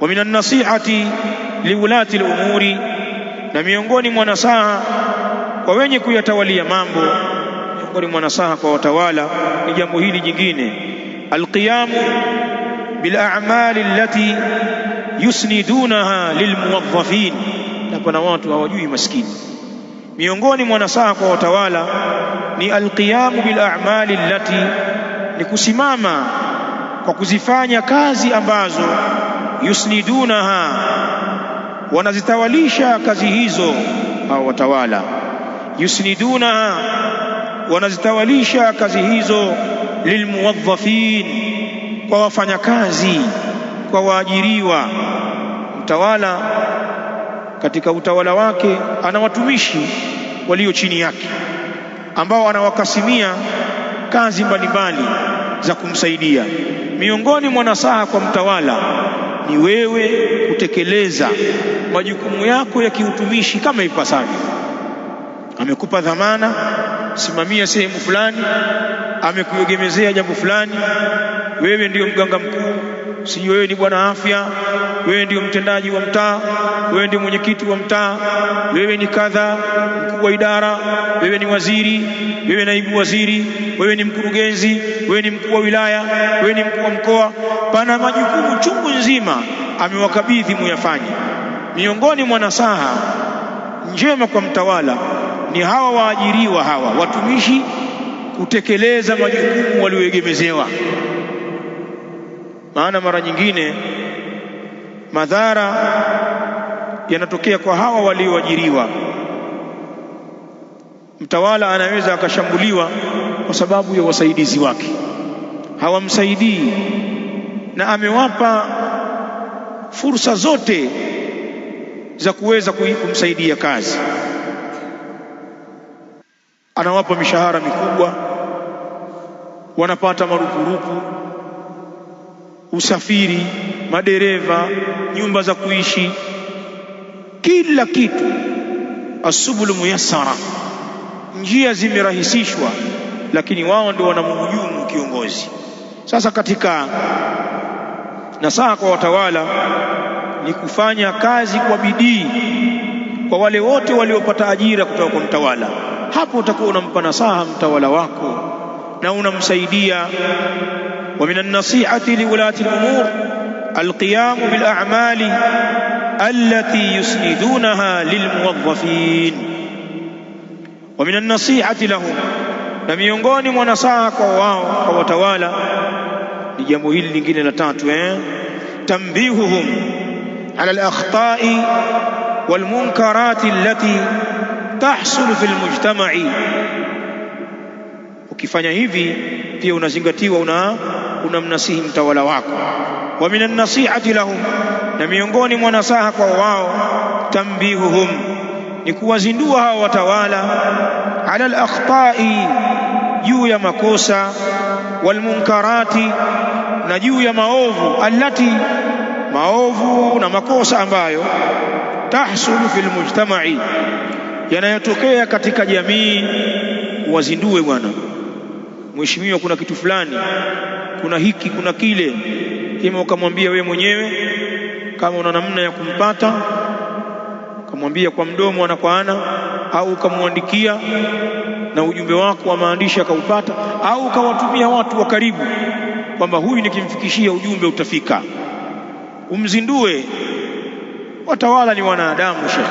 wa min annasihati al lumuri, na miongoni mwa nasaha kwa wenye kuyatawalia mambo, miongoni mwa nasaha kwa watawala ni jambo hili jingine, alqiyamu bil a'mali allati yusnidunaha lilmuwaddafin, na kuna watu hawajui maskini. Miongoni mwa nasaha kwa watawala ni alqiyamu bil a'mali allati, ni kusimama kwa kuzifanya kazi ambazo yusnidunaha, wanazitawalisha kazi hizo hao watawala. Yusnidunaha, wanazitawalisha kazi hizo lilmuwaddafin, kwa wafanyakazi, kwa waajiriwa. Mtawala katika utawala wake ana watumishi walio chini yake ambao anawakasimia kazi mbalimbali za kumsaidia. Miongoni mwa nasaha kwa mtawala ni wewe kutekeleza majukumu yako ya kiutumishi kama ipasavyo. Amekupa dhamana, simamia sehemu fulani, amekuegemezea jambo fulani, wewe ndiyo mganga mkuu, sijui wewe ni bwana afya, wewe ndiyo mtendaji wa mtaa, wewe ndiyo mwenyekiti wa mtaa, wewe ni kadha, mkuu wa idara, wewe ni waziri wewe naibu waziri, wewe ni mkurugenzi, wewe ni mkuu wa wilaya, wewe ni mkuu wa mkoa. Pana majukumu chungu nzima amewakabidhi muyafanye. Miongoni mwa nasaha njema kwa mtawala ni hawa waajiriwa hawa watumishi kutekeleza majukumu walioegemezewa, maana mara nyingine madhara yanatokea kwa hawa walioajiriwa. Mtawala anaweza akashambuliwa kwa sababu ya wasaidizi wake, hawamsaidii na amewapa fursa zote za kuweza kumsaidia kazi, anawapa mishahara mikubwa, wanapata marupurupu, usafiri, madereva, nyumba za kuishi, kila kitu, asubulu muyassara njia zimerahisishwa, lakini wao ndio wanamhujumu kiongozi. Sasa katika nasaha kwa watawala ni kufanya kazi kwa bidii kwa wale wote waliopata ajira kutoka kwa mtawala. Hapo utakuwa unampa nasaha mtawala wako na unamsaidia. wa min an-nasihati liwulati al-umur alqiyamu bil a'mali allati yusnidunaha lilmuwaddafin ومن النصيحة لهم نميونغوني منصاق ووتوالا نجمو هلنجين لتاتو تنبيههم على الأخطاء والمنكرات التي تحصل في المجتمع وكيفان يهيفي فيه نزنغتي ونا ونمنسيهم تولواك ومن النصيحة لهم لم نميونغوني منصاق ووتوالا تنبيههم ni kuwazindua hao watawala ala alakhtai, juu ya makosa walmunkarati, na juu ya maovu allati, maovu na makosa ambayo tahsulu fil mujtamai, yanayotokea katika jamii. Wazindue bwana, mheshimiwa, kuna kitu fulani, kuna hiki, kuna kile, ima ukamwambia wewe mwenyewe, kama una namna ya kumpata ukamwambia kwa mdomo na kwa ana, au ukamwandikia na ujumbe wako wa maandishi akaupata, au ukawatumia watu wa karibu kwamba huyu nikimfikishia ujumbe utafika, umzindue. Watawala ni wanadamu, shekhi,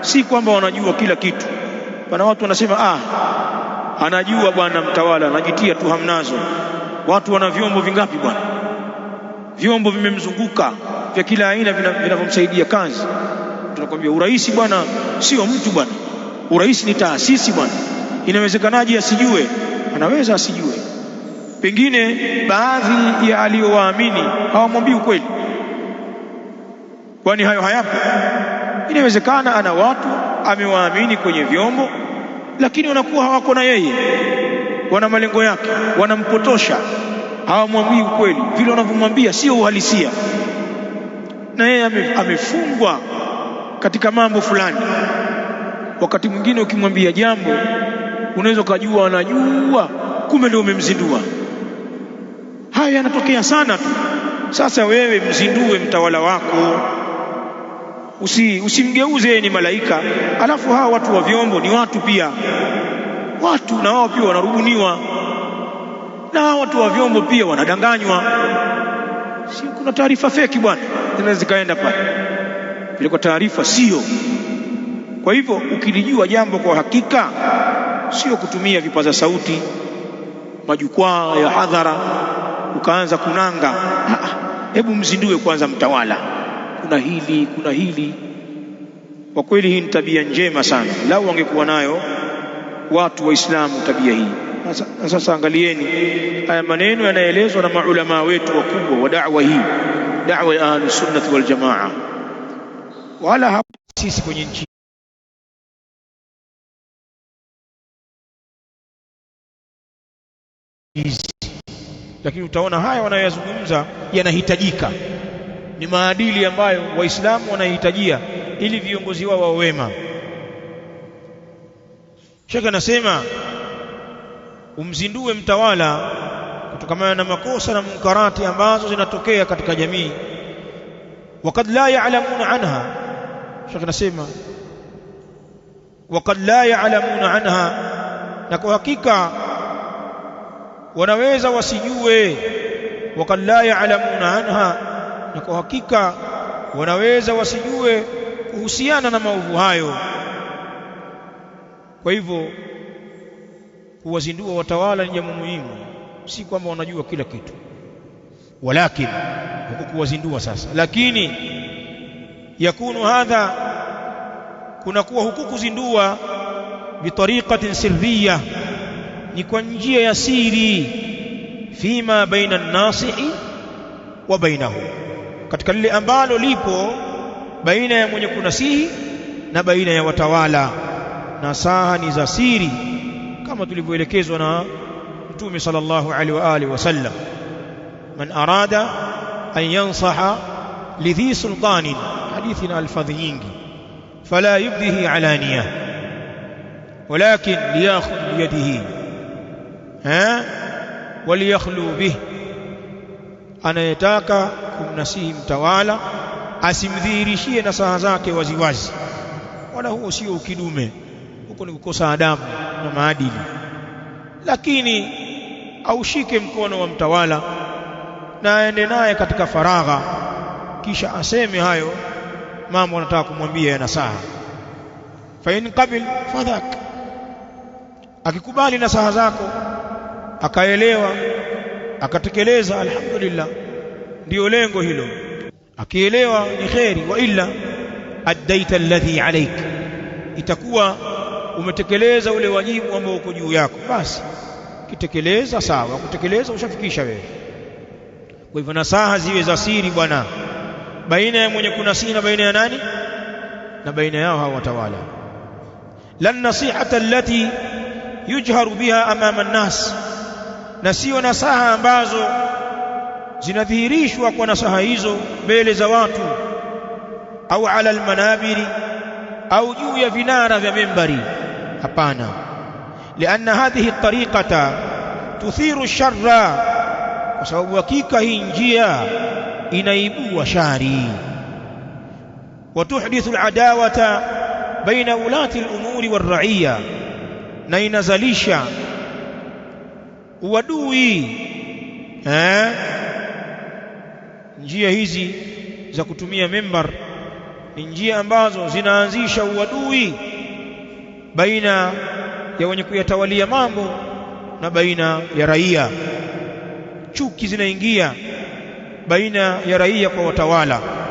si kwamba wanajua kila kitu. Pana watu wanasema ah, anajua bwana mtawala, anajitia tu hamnazo. Watu wana vyombo vingapi bwana? Vyombo vimemzunguka vya kila aina vinavyomsaidia kazi tunakwambia urais bwana sio mtu bwana, urais ni taasisi bwana. Inawezekanaje asijue? Anaweza asijue, pengine baadhi ya aliyowaamini hawamwambii ukweli, kwani hayo hayapo. Inawezekana ana watu amewaamini kwenye vyombo, lakini wanakuwa hawako na yeye, wana malengo yake, wanampotosha, hawamwambii ukweli. Vile wanavyomwambia sio uhalisia, na yeye amefungwa katika mambo fulani. Wakati mwingine ukimwambia jambo unaweza ukajua anajua, kumbe ndio umemzindua. Haya yanatokea sana tu. Sasa wewe mzindue mtawala wako, usi usimgeuze yeye ni malaika, alafu hawa watu wa vyombo ni watu pia, watu na wao pia wanarubuniwa, na hawa watu wa vyombo pia wanadanganywa. Si kuna taarifa feki bwana, zinaweza zikaenda pale kwa taarifa sio. Kwa hivyo ukilijua jambo kwa hakika, sio kutumia vipaza sauti, majukwaa ya hadhara, ukaanza kunanga. Hebu mzindue kwanza mtawala, kuna hili, kuna hili. Kwa kweli hii ni tabia njema sana, lau wangekuwa nayo watu Waislamu tabia hii. Na sasa angalieni haya maneno yanaelezwa na maulamaa wetu wakubwa wa da'wa hii, da'wa ya Ahlusunnati Waljamaa wala hapo sisi kwenye nchi hizi, lakini utaona haya wanayoyazungumza yanahitajika, ni maadili ambayo Waislamu wanahitajia ili viongozi wao wawe wema. Shekhe anasema umzindue mtawala kutokamana na makosa na munkarati ambazo zinatokea katika jamii, wakad la yaalamuna anha shekhe nasema waqad la ya'lamuna anha na kwa hakika wanaweza wasijue waqad la ya'lamuna anha na kwa hakika wanaweza wasijue kuhusiana na maovu hayo kwa hivyo kuwazindua watawala ni jambo muhimu si kwamba wanajua kila kitu walakin huku kuwazindua sasa lakini yakunu hadha kunakuwa huku kuzindua bitariqatin sirriya ni kwa njia ya siri fima baina nasihi wa bainahu katika lile ambalo lipo baina ya mwenye kunasihi na baina ya watawala nasaha ni za siri kama tulivyoelekezwa na mtume sallallahu alaihi wa alihi wasallam man arada an yansaha lidhi sultanin hadithi na alfadhi nyingi fala yubdihi alaniya walakin liyakhudh biyadihi eh waliyakhlu bihi anayetaka kumnasihi mtawala asimdhihirishie nasaha zake waziwazi wala huo sio ukidume huko ni kukosa adabu na maadili lakini aushike mkono wa mtawala na aende naye katika faragha kisha aseme hayo mambo anataka kumwambia ya nasaha. Fa in qabil fadhak, akikubali nasaha zako akaelewa akatekeleza, alhamdulillah, ndiyo lengo hilo. Akielewa ni kheri, wa illa addaita alladhi alayk, itakuwa umetekeleza ule wajibu ambao uko juu yako. Basi kitekeleza sawa, kutekeleza ushafikisha wewe. Kwa hivyo nasaha ziwe za siri bwana baina ya mwenye kunasihi na baina ya nani na baina yao hao watawala lan nasihata allati yujharu biha amama an-nas na sio nasaha ambazo zinadhihirishwa kwa nasaha hizo mbele za watu au ala almanabiri au juu ya vinara vya membari hapana lianna hadhihi tariqata tuthiru sharra kwa sababu hakika hii njia inaibua shari watuhdithu aladawata baina ulati lumuri warraiya na inazalisha uadui eh njia hizi za kutumia mimbar ni njia ambazo zinaanzisha uadui baina ya wenye kuyatawalia mambo na baina ya raia chuki zinaingia baina ya raia kwa watawala